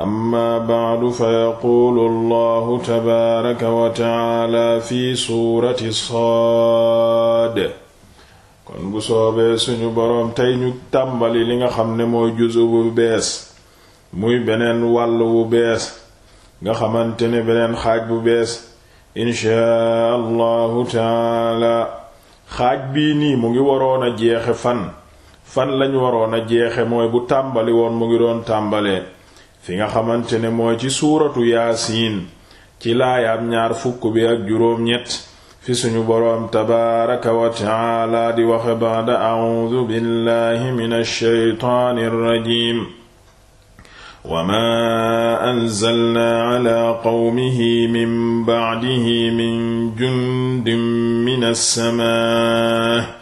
amma bacdu fa yaquulu allahu tabaaraka wa tacaala fi suurati saad kon bu soobee suñu boroom tey ñu tàmbali li nga xam ne mooy juzu bu bees muy beneen wàll wu bees nga xamante ne beneen xaaj bu bees inchaa allahu tacaala xaaj bii nii mu ngi waroon a jeexe fan fan lañu waroon a jeexe mooy bu tàmbali woon mu ngi doon tàmbalee fi nga xamante ne mooy ci suuratu yaasiin ci laayaab ñaar fukk bi ak juróom-ñett fi suñu boroom tabaaraka wa taala di waxe baada audu billahi min alsheytaani alrajim wa ma anzalna ala qawmihi min bacdihi min jundin min alsamaa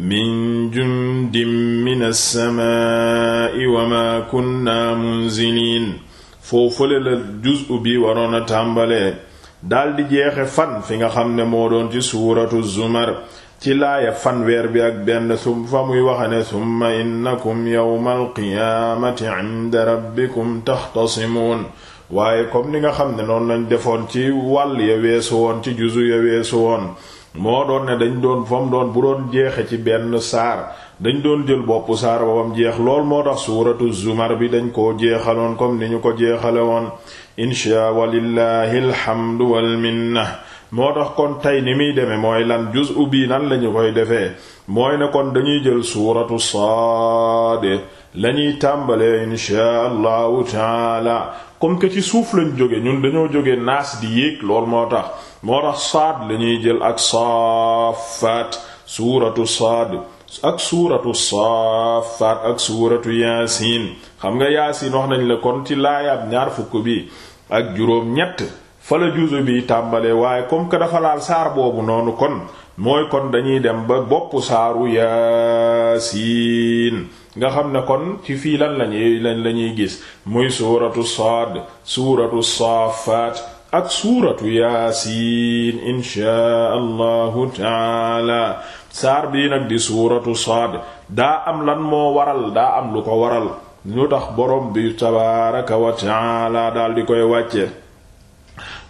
min jundin min alsamaai wa ma kunna munzilin foofale la juzu bi waroon a tàmbalee daldi jeexe fan fi nga xam ne moo doon ci suuratu zumar ci laaya fanweer bi ak benn sum fa muy waxe ne summa innakum yawma alqiyaamati inda rabbikum taxtasimuun waaye comme ni nga xam ne noonu lañ defoon ci wàll ya weesu woon ci juzu ya weesu woon moo doon ne dañu doon fam doon bu doon jeexee ci benn saar dañ doon jël boppu saar babam jeex lool moo tax suuratu zumar bi dañ koo jeexaloon comme ni ñu ko jeexale woon inshaa walillahi alhamdu walminna moo tax kon tey ni muy demee mooy lan juz'u bii nan lañu koy defee mooy ne kon dañuy jël suuratu saad lañuy tàmbalee inshaa allahu taala comme que ci suuf lañ jóge ñun dañoo jóge naas di yéeg lool moo tax moo tax saad lañuy jël ak saafaat suuratu saad ak suuratu saafaat ak suuratu yaasiin xam nga yaasiin wax nañ la kon ci laayaab ñaar fukk bi ak juróom ñett fala juzu bi tàmbalee waaye comme que dafa laal saar boobu noonu kon mooy kon dañuy dem ba boppu saaru yaasiin nga xam ne kon ci fii lan lañuy lan lañuy gis muy suuratu saad suuratu saafaat ak suuratu yaasiin inchaa allahu taala saar bii nag di suuratu saad daa am lan moo waral daa am lu ko waral ñu tax borom bi tabaaraka wa taala daal di koy wàcce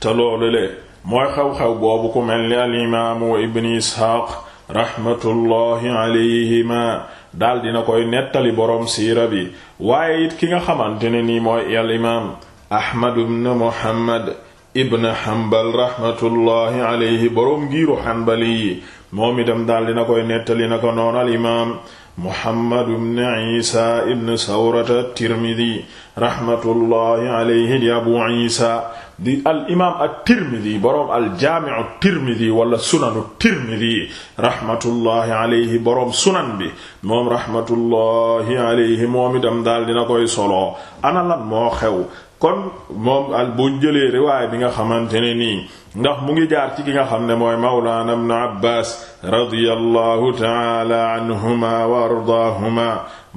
te loolu le mooy xew-xew boobu ku mel ni al imaamu ibni isxaaq raxmatullahi alayhima daal dina koy nettali borom siira bi waaye it ki nga xamante ne nii mooy al imaam ahmad ibn muhammad ibn Hanbal rahmatullahi alayhi boroom giiru Hanbali yi moom itam daal dina koy nettali na ko noon al imaam Muhammad ibn Isa ibn Sawrata Tirmidi rahmatullahi alayhi di Abu Isa di al imaam at-Tirmidi boroom al-Jaami'u at-Tirmidi wala sunanu at-Tirmidi rahmatullahi alayhi boroom sunan bi moom rahmatullahi alayhi moom itam daal dina koy solo ana lan moo xew kon moom al buñ jëlee riwaay bi nga xamante ne nii ndax mu ngi jaar ci ki nga xam ne mooy mawlaana ibn abbas radiyallahu taala anhuma wa ardaahuma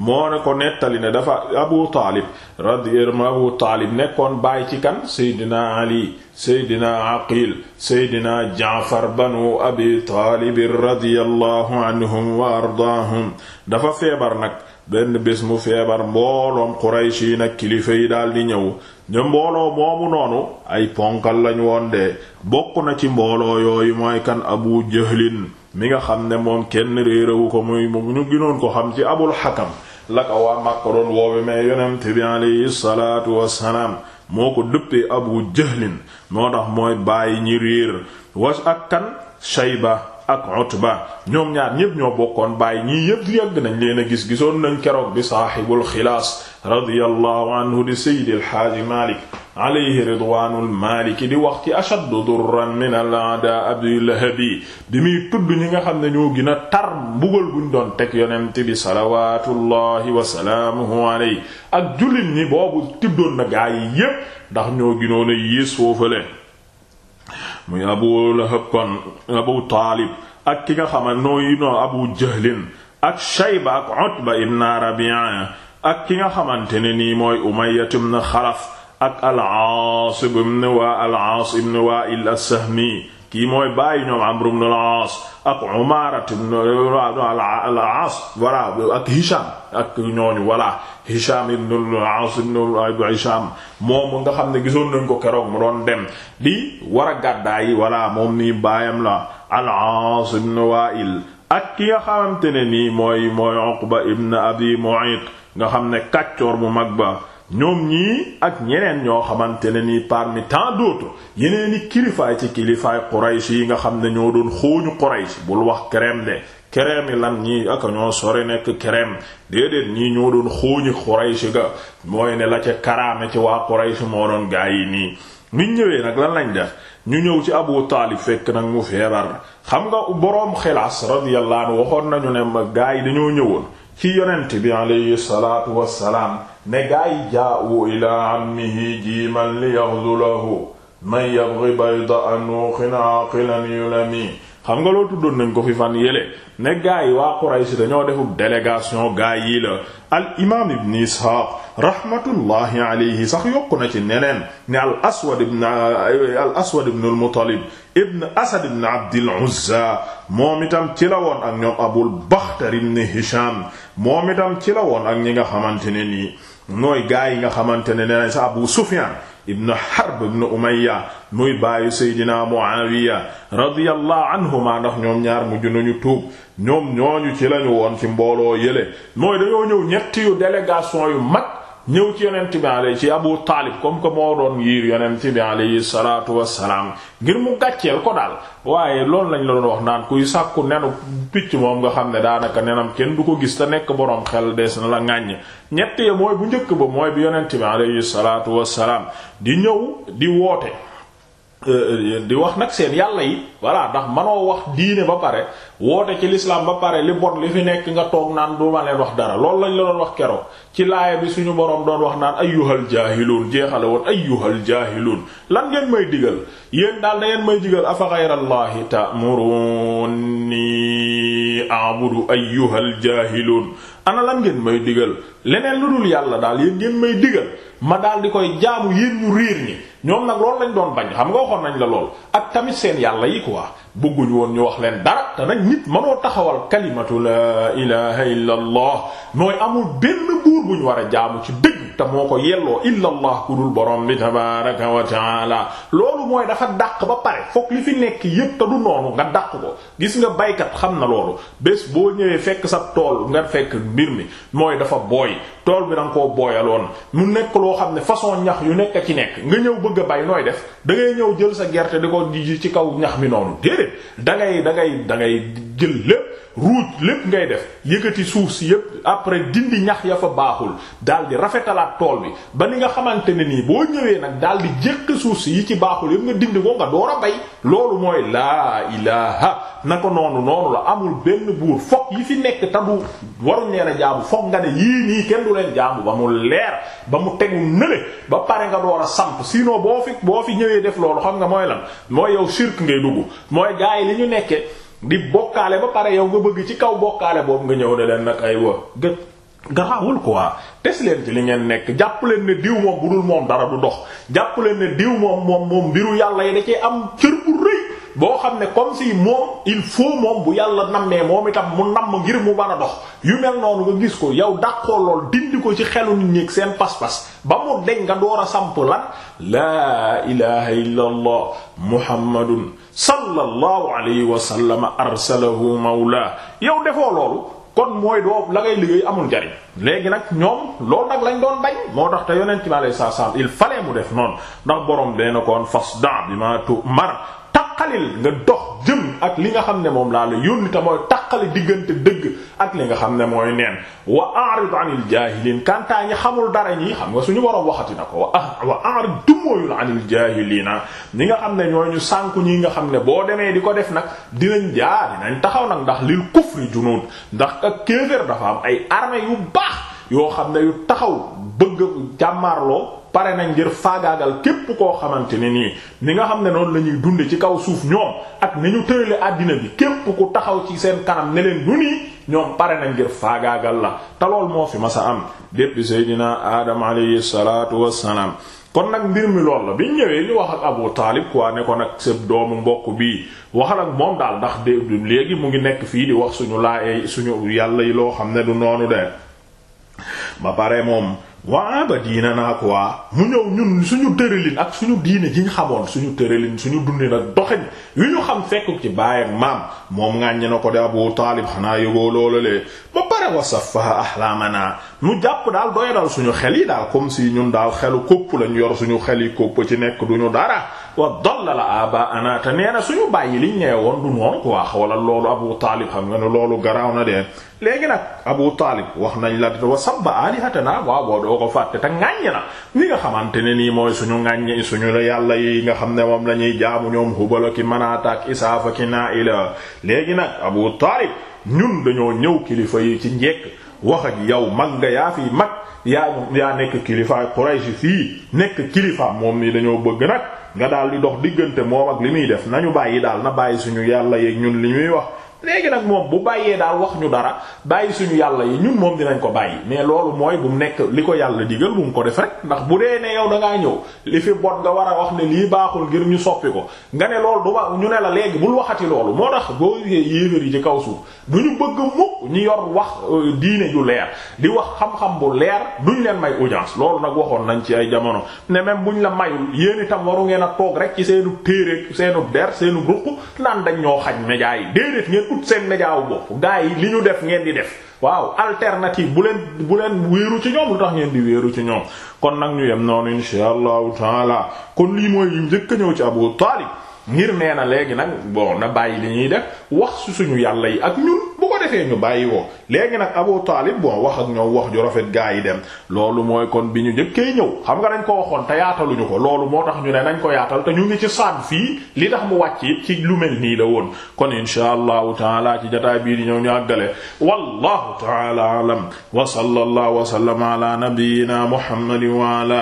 moo ne ko nettali ne dafa abu taalib radiyallahu abu taalib nekkoon baay ci kan seydina ali seydina aqil seydina jaafar banu abi taalib radiyallahu anhum wa ardaahum dafa feebar nag benn bés mu feebar mbooloom Quraysh yi nag kilifa yi daal di ñëw ñu mbooloo moomu noonu ay ponkal lañu woon de bokk na ci mbooloo yooyu mooy kan Abu Jahlin mi nga xam ne moom kenn réerewu ko muy ñu ginoon ko xam ci Abul Hakam la ko waa Makka doon woowe mais yonent bi alayhi salaatu wassalaam moo ko dëppee Abu Jahlin moo tax mooy bàyyi ñi réer was ak kan Shayba ak Utba ñoom ñaar ñépp ñoo bokkoon bàyyi ñii yépp yàgg nañ leen a gis gisoon nañ keroog bi saaxibul xilaas radiyallahu anhu di Seydi El Hadji Malick alayhi ridwaanul maaliki di wax ci ashaddu durran min al-a'daa Abii Lahabi di muy tudd ñi nga xam ne ñoo gën a tar mbugal buñ doon teg yonent bi salawaatullahi wa salaamuhu alayhi ak jullit ñi boobu tuddoon na gaa yi yépp ndax ñoo gënoon a yées muy abu lahab kon abu taalib ak ki nga xama nooyu noo abu jahlin ak shayba ak utba ibn rabi'a ak ki nga xamante ne ni mooy umayya ibn xalaf ak al-aas ibn wa al-aas ibn wa'il as-sahmi kii mooy bàyyi ñoom amr ibn al-aas ak umarat ibn al-aas voilà ak hisham ak ñooñu voilà Hisham ibn al-As ibn Hisham moom nga xam ne gisoon nañ ko keroog mu doon dem di war a gàddaa yi voilà moom nii baayam la al ak ki nga xamante ne nii mooy mooy Uqba ibn Abi Mu'ayt nga xam ne kàccoor bu mag ba ñoom ñii ak ñeneen ñoo xamante ne nii parni tant d'autres yeneen i kilifaay ci kilifaay Quraysh yi nga xam ne ñoo doon xooñu Quraysh bul wax crème de kerem yi lan ñii ak ñoo sori nekk kerem déedéet ñii ñoo doon xooñi Quraysh ga mooy ne la ca karaame ci waa Quraysh moo doon gaa yi nii miñ ñëwee nag lan lañ def ñu ñëw ci Abu Taalib fekk nag mu feebar xam nga boroom xilaas radiyallahu anhu waxoon nañu ne ma gaa yi dañoo ñëwoon ci yonent bi alayhi salaatu wassalaam ne gaa yi jaa'u ilaa ammihi jiiman li yaghzulahu man yabghi bayda anuuqin aaqilan xam nga loo tuddoon nañ ko fi fan yële ne gaa yi waa Quraysh dañoo defub délégation gaa yi la al imaam ibn Isxaaq rahmatullahi alayhi sax yokku na ci neneen ne al aswad ibn al aswad ibn al Muttalib ibn Asad ibn Abdil Uzza moom itam ci la woon ak ñoom Abul Baxtar ibn Hisham moom itam ci la woon ak ñi nga xamante ne nii mooy gaa yi nga xamante ne nee sa Abu Sufyan ibn Harb ibn Umayya muy bàyyi Seydina Muawiya radiyallahu anhuma ndax ñoom ñaar mujj nañu tuub ñoom ci lañu woon ci mbooloo yële mooy dañoo ñëw ñetti yu yu mag ñëw ci yonent bi alayhi ci Abu Taalib comme que moo doon yiir yonent bi alayhi salaatu wassalaam ngir mu gàcceel ko daal waaye loolu lañ la doon wax naan kuy sàkku nenu picc moom nga xam ne daanaka nenam kenn du ko gis te nekk boroom xel dees na la ŋàññ ñett ya mooy bu njëkk ba mooy bi yonent bi alayhi salaatu wassalaam di ñëw di woote Euh, euh, di wax nag seen yàlla yi voilà ndax manoo wax diine ba pare woote ci lislaam ba pare li bon li fi nekk nga toog naan du ma leen wax dara loolu lañ la doon wax keroog ci laaya bi suñu boroom doon wax naan ayyuhal jaahiluun jeexale woon ayyuhal jaahiluun lan ngeen may digal yéen daal da ngeen may digal afa ghayrallahi ta'muruni a'budu ayyuhal jaahiluun ana lan ngeen may digal leneen lu dul yàlla daal yéen ngeen may digal ma daal di koy jaamu yéen ñu ñoom nag loolu lañ doon bañ xam nga waxoon nañu la lool ak tamit seen yàlla yi quoi bëgguñu woon ñu wax leen dara te nañ nit mënoo taxawal kalimatu laa ilaha illa allah amul benn buur bu ñu war a jaamu ci dëgg te moo ko yelloo illa allah ku dul borom bi tabaraka wa taala loolu mooy dafa dàq ba pare foog li fi nekk yëpp te du noonu nga dàq ko gis nga baykat xam na loolu bés boo ñëwee fekk sa tool nga fekk mbir mi mooy dafa booy tool bi da nga koo booyaloon mu nekk loo xam ne façon ñax yu nekk ci nekk nga ñëw bëgg a bay nooy def da ngay ñëw jël sa gerte di ko ji ci kaw ñax mi noonu déedéet da ngay da jël lépp ruuj lépp ngay def yëkkati suuf si yépp après dindi ñax ya fa baaxul daal di rafetalaat tool bi ba ni nga xamante ne nii boo ñëwee nag daal di jékki suuf si yi ci baaxul yépp nga dindi ko nga door a bay loolu mooy laa ilaha na ko noonu noonu la amul benn buur fokk yi fi nekk tadu waruñ leen a jaamu fokk nga ne yii nii kenn du leen jaamu ba mu leer ba mu tegu nële ba pare nga door a samp sinon boo fi boo fi ñëwee def loolu xam nga mooy lan mooy di bokkaale ba pare yow nga bëgg ci kaw bokkaale boobu nga ñëw ne leen nag ay wa gë garawul quoi tes leen ci li ngeen nekk jàpp leen ne diw moom bu dul moom dara du dox jàpp leen diw moom moom moom mbiru yàlla yi da cee am cër bu rëy boo xam ne comme si moom il faut moom bu yàlla nammee moom itam mu namm ngir mu mën a dox yu mel noonu nga gis ko yow dàqoo lool dindi ko ci xelu nit ñeeg seen pas-pas ba mu deñ nga door a samp lan laa ilaha illa allah muhammadun sallallahu alayhi wa sallam arsalahu mawla yow defoo kon mooy doo la ngay liggéey amul njariñ léegi nag ñoom loolu nag lañ doon bañ moo tax te yonent bi alayhi salaam il fallait mu def noonu ndax borom dee na koon fasda bi ma tu mar taqalil nga dox jëm ak li nga xam ne moom laa la yónni te mooy taqali diggante dëgg ak li nga xam ne mooy neen wa a'rid 'anil jaahiliin kantaa ñi xamul dara ñi xam nga suñu waroon waxati na ko wa ah, wa a'rid dumooyul 'anil jaahiliina ñi nga xam ne ñoo ñu sànku ñi nga xam ne boo demee di ko def nag dinañ jaar dinañ taxaw nag ndax lil kufri junuud ndax ak kéefër dafa am ay armée yu baax yoo xam ne yu taxaw bëgg jàmmaarloo pare nañ ngir faagaagal képp koo xamante ne nii ni nga xam ne noonu la ñuy ci kaw suuf ñoom ak ni ñu tërale àddina bi képp ku taxaw ci seen kanam ne leen ñoom pare nañ ngir la te lool moo fi masa am depuis Seydina Adam alayhi kon nag mbir mi lool la Abu Taalib quoi ko nag sa doomu mbokk bii waxal ak ndax de léegi mu ngi nekk fii di suñu laay suñu yàlla loo xam ne du noonu de pare moom waa ba diina naa ko waa mu ñëw ñun suñu tëralin ak suñu diine ji ñu xamoon suñu tëralin suñu dundin ak doxin yu ñu xam fekku ci baay ak maam moom ŋàññi na ko de Abu Taalib xanaa yógoo loolu le ba pare wa saffaha ahlaamana mu jàpp daal doyadal suñu xel yi daal comme ñun daal xelu kopp lañ yor suñu xel yi kopp ci nekk duñu dara wa dallala abaana te nee na suñu bàyyi liñ nee woon du noonu quoi wala loolu Abu Taalib xam nga ne loolu garaaw na de léegi nag Abu Taalib wax nañ la wa sabba alihatana waaw boo doo ko fàtte te ŋàññ na li nga xamante ne nii mooy suñu ŋàññ suñu la yàlla yi nga xam ne moom lañuy ñuy jaamu ñoom Hubal ki Manaata ak Isaafa ki Naa'ila léegi nag Abu Taalib ñun dañoo ñëw kilifa yi ci njekk wax ak yow mag nga yaa fi mag yaa yaa nekk kilifaay Quraysh fii nekk kilifa dañoo bëgg nga daal di dox diggante moo ak li muy def nañu bàyyi daal na bàyyi suñu yàlla yeeg ñun li ñuy wax léegi nag moom bu bàyyee daal wax ñu dara bàyyi suñu yàlla yi ñun moom dinañ ko bàyyi mais loolu mooy bu mu nekk li ko yàlla digal bu mu ko def rek ndax bu dee nee yow da ngaa ñëw li fi bot nga war a wax ne lii baaxul ngir ñu soppi ko nga ne loolu du wax ñu ne la léegi bul waxati loolu moo tax boo yéefér yi ci kaw suuf du ñu bëgg mukk ñu yor wax euh, diine ju leer di wax xam-xam bu leer duñ leen may audience loolu nag waxoon nañ ci ay jamono ne même buñ la mayul yéen itam waru ngeen a toog rek ci seenu téere seenu der seenu ruq ñoo xañ yi ut seen médiawu bopp gars yi li ñu def ngeen di def waaw alternative bu leen bu leen wéeru ci ñoom lu tax ngeen di wéeru ci ñoom kon nag ñu yem noonu insha allahu taala kon lii mooy yu njëkk a ñëw ci Abu Taalib ngir nee na léegi nag bon na bàyyi li ñuy def wax su suñu yàlla yi ak ñun. defee ñu bàyyi ko léegi nag Abu Taalib bon wax ak ñoom wax ju rafet gaa yi dem loolu mooy kon bi ñu njëkkee ñëw xam nga dañ ko waxoon te yaataluñu ko loolu moo tax ñu ne nañ ko yaatal te ñu ngi ci saad fii li tax mu wàcc it ci lu mel nii la woon kon insha allahu taala ci jotaay bii di ñëw ñu àggale wallahu taala alam wa sallallahu wa sallama ala nabiyyina muhammadin wa ala